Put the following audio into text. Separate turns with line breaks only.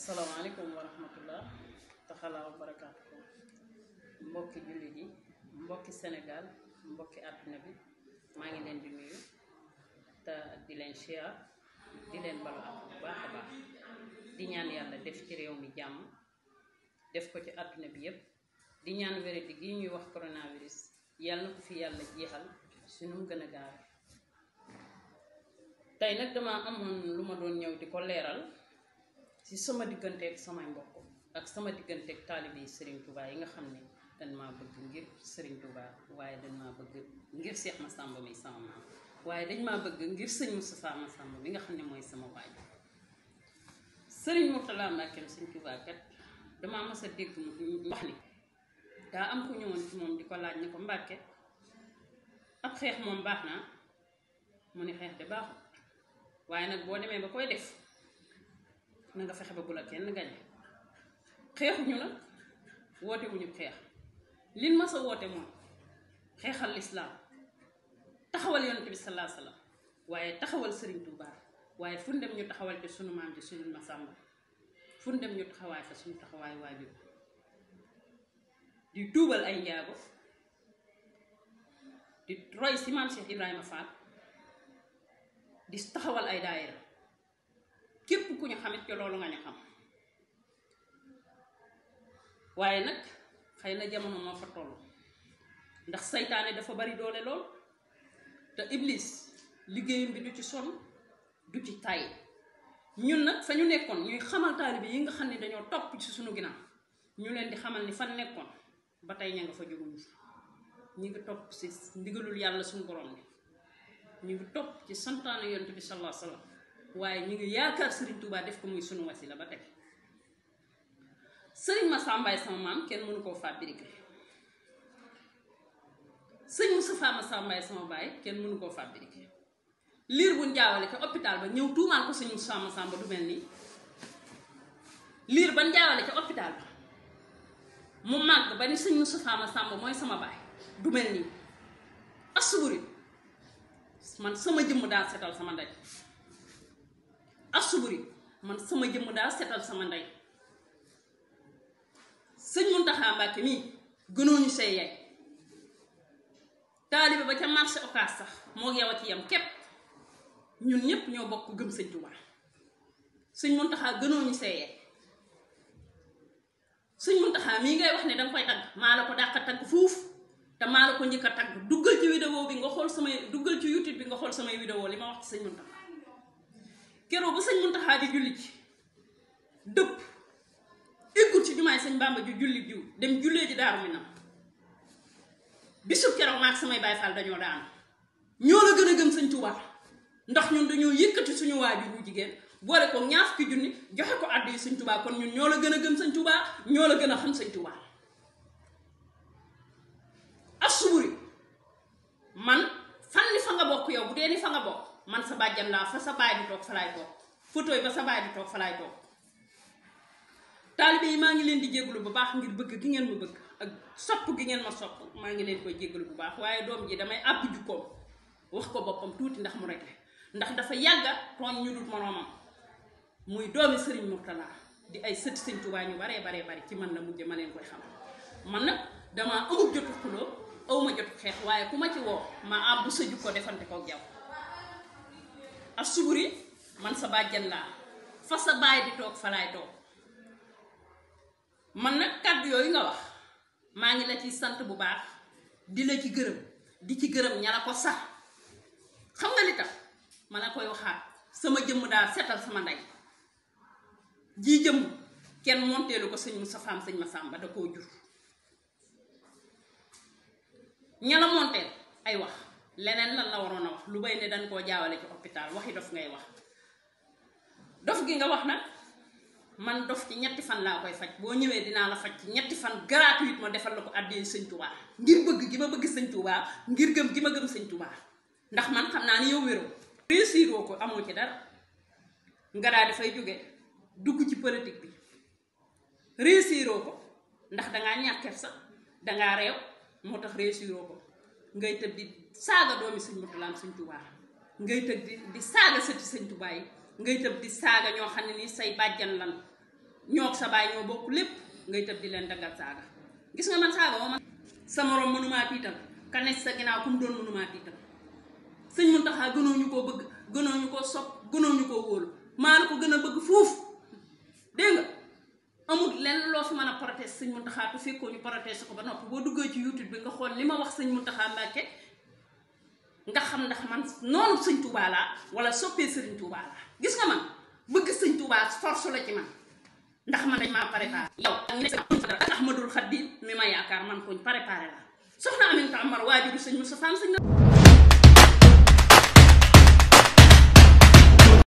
asalaamaaleykum wa rahmatullah taxalaa wa barakaatu mbokki jullit yi mbokki Sénégal mbokki àdduna bi maa ngi leen di nuyu te di leen siyaar di leen balu ak baax a baax di ñaan yàlla def ci réew mi jàmm def ko ci àdduna bi yépp di ñaan wéradi gi ñuy wax coronavirus yàlla na ko fi yàlla jeexal su nu mu gën a gaaw tey nag dama amoon lu ma doon ñëw di ko leeral ci sama digganteeg samay mbokk ak sama diggante digganteeg taalibe yi sëriñ Touba yi nga xam ne dañ maa bëgg ngir Serigne Touba waaye dañ maa bëgg ngir Cheikh Massamba mi sama maam waaye dañ maa bëgg ngir sëñ Moustapha Massamba mi nga xam ne mooy sama waaj Serigne Mourtala Mbackeem Serigne Touba kat damaa mas a dégg mu wax ni daa am ko ñëwoon ci moom di ko laaj ni ko Mbacke ab xeex moom baax naa mu ne xeex de baaxul waaye nag boo demee ba koy def. na nga fexe ba bu la kenn gañe xeexuñu nag woote xeex lin ma sa woote moom xeexal lislaam taxawal yonent bi salaa waaye taxawal Serigne Touba waaye fu dem ñu taxawal ci sunu maam ci sunu masamba dem ñu taxawaay fa suñu taxawaay waajur di tuubal ay njaago di roy si maam Cheikh Ibrahima Fall di taxawal ay daayira képp ku ñu xamit ci loolu nga ñu xam waaye nag xëy na jamono moo fa toll ndax saytaane dafa bari doole lool te iblis liggéeyam bi du ci sonn du ci tay ñun nag fa ñu nekkoon ñuy xamal bi yi nga xam ne dañoo topp ci suñu ginnaaw ñu leen di xamal ni fan nekkoon ba tey ña nga fa jóguñu ñu ngi topp ci ndigalul yàlla suñu borom bi ñu ngi topp ci santaane yonent bi sallallahu alayhi waaye ñu ngi yaakaar Serigne Touba def ko muy suñu wasila ba tey Serigne ma Mbaye sama maam kenn mënu koo fabriqué sëñ Moustapha Massamba Mbaye sama baay kenn mënu koo fabriqué liir bu ñu jaawale ko ba ñëw tuumaal ko sëñ Moustapha Massamba mel nii liir ban jaawale ko hôpital ba mu màgg ba ni sëñ Moustapha Massamba mooy sama baay du mel nii asuburi man sama jëmm daal setal sama ndaj asuburi man sama jëmm daal setal sama ndey sëñ Muntaxa Mbàkke mii gënoon ñu say yaay taalibe ba ca marché Ocass sax moo yow a ci yam képp ñun ñépp ñoo bokk gëm sëñ Tuubaa sëñ Muntaxa gënoon ñu say yaay sëñ Muntaxa mii ngay wax ni danga koy tagg maa la ko dàq tagg fuuf te maa la ko njëkk a tagg duggal ci vidéo bi nga xool samay duggal ci YouTube bi nga xool samay vidéo li ma wax ci sëñ Muntaxa keroo ba sëñ Muntaxa di julli ci dëpp éggul ci jumaay sëñ Bàmba ju julli jiw dem jullee ji daaru mi nam bisu keroog maak samay Baay Faal dañoo daanu ñoo la gën a gëm sëñ Tuubaa ndax ñun dañoo yëkkati suñu waajur bu jigéen boole ko ñaar fukki junni joxe ko kon ñoo la gën a gëm sëñ Tuubaa ñoo la gën a xam sëñ Tuubaa asuuri man fan ni fa nga bokk yow bu dee ni fa nga bokk man sa bàjjan laa fa sa baay di toog fa laay toog photo yi ba sa yi maa ngi leen di jégalu bu baax ngir bëgg ki ngeen ma bëgg ak sopp ki ngeen ma sopp maa ngi leen koy jégalu bu baax waaye doom ji damay àpp jukkoom wax ko boppam tuuti ndax mu rekk ndax dafa yàgga tooñ ñu dul moroomam muy doomi sëriñ Murtala di ay sëti sëñ Tuubaa ñu baree baree bari ci man la mujje ma leen koy xam man nag damaa amul jotu xuloo awma jotu xeex waaye ku ma ci woo ma àbb sa jukko jaww ak suburi man sa bàjjan laa fa sa baay di toog fa laay toog man nag kàddu yooyu nga wax maa ngi la ci sant bu baax di la ci gërëm di ci gërëm ña la ko sax xam nga li tax ma la koy waxaat sama jëmm daal seetal sama ndey jii jëmm kenn monteelu ko sëñ sa Fam sëñ ma sàmba da koo jur ña la monteel ay wax leneen lan la waroon a wax lu bay ne dañ koo jaawale ci hôpital waxi dof ngay wax dof gi nga wax nag man dof ci ñetti fan laa koy faj boo ñëwee dinaa la faj ci ñetti fan gratuit ma defal la ko àddee sëñ tubaa ngir bëgg gi ma bëgg sëñ tubaa ngir gëm gi ma gëm sëñ tubaa ndax man xam naa ni yow wéroo réussiroo ko amoo ci dara nga daal dafay jóge dugg ci politique bi réussiroo ko ndax dangaa ñàkkeef sax dangaa réew moo tax réussiroo ko ngay tëb di saaga doomi sëñ mutulaam sëñ tubaa ngay tëb di di saaga sëti sëñ tubaa ngay tëb di saaga ñoo xam ne nii say bàjjan lan ñoog sa baay ñoo bokk lépp ngay tëb di leen daggal saaga gis nga man saaga woo man sa moroom mënumaa tiital ka nekk sa ginnaaw ku doon mënumaa tiital sëñ Muntaxa gënoo ñu koo bëgg gënoo ñu koo sopp gënoo ñu koo wóolu maa la ko gën a bëgg foofu dégg nga amul lenn loo fi mën a proteste sëñ Muntaxa te fekkoo ñu proteste ko ba nopp boo duggee ci YouTube bi nga xool li ma wax sëñ Muntaxa Mbàkke nga xam ndax man noonu sëñ Touba laa wala soppee sëriñ Touba laa gis nga man bëgg sëñ Touba force la ci man ndax man dañ maa préparé yow ak Ahmadul Xadim mi ma yaakaar man koñ préparé la soxna Aminta Amar sëñ Moussa Fane sëñ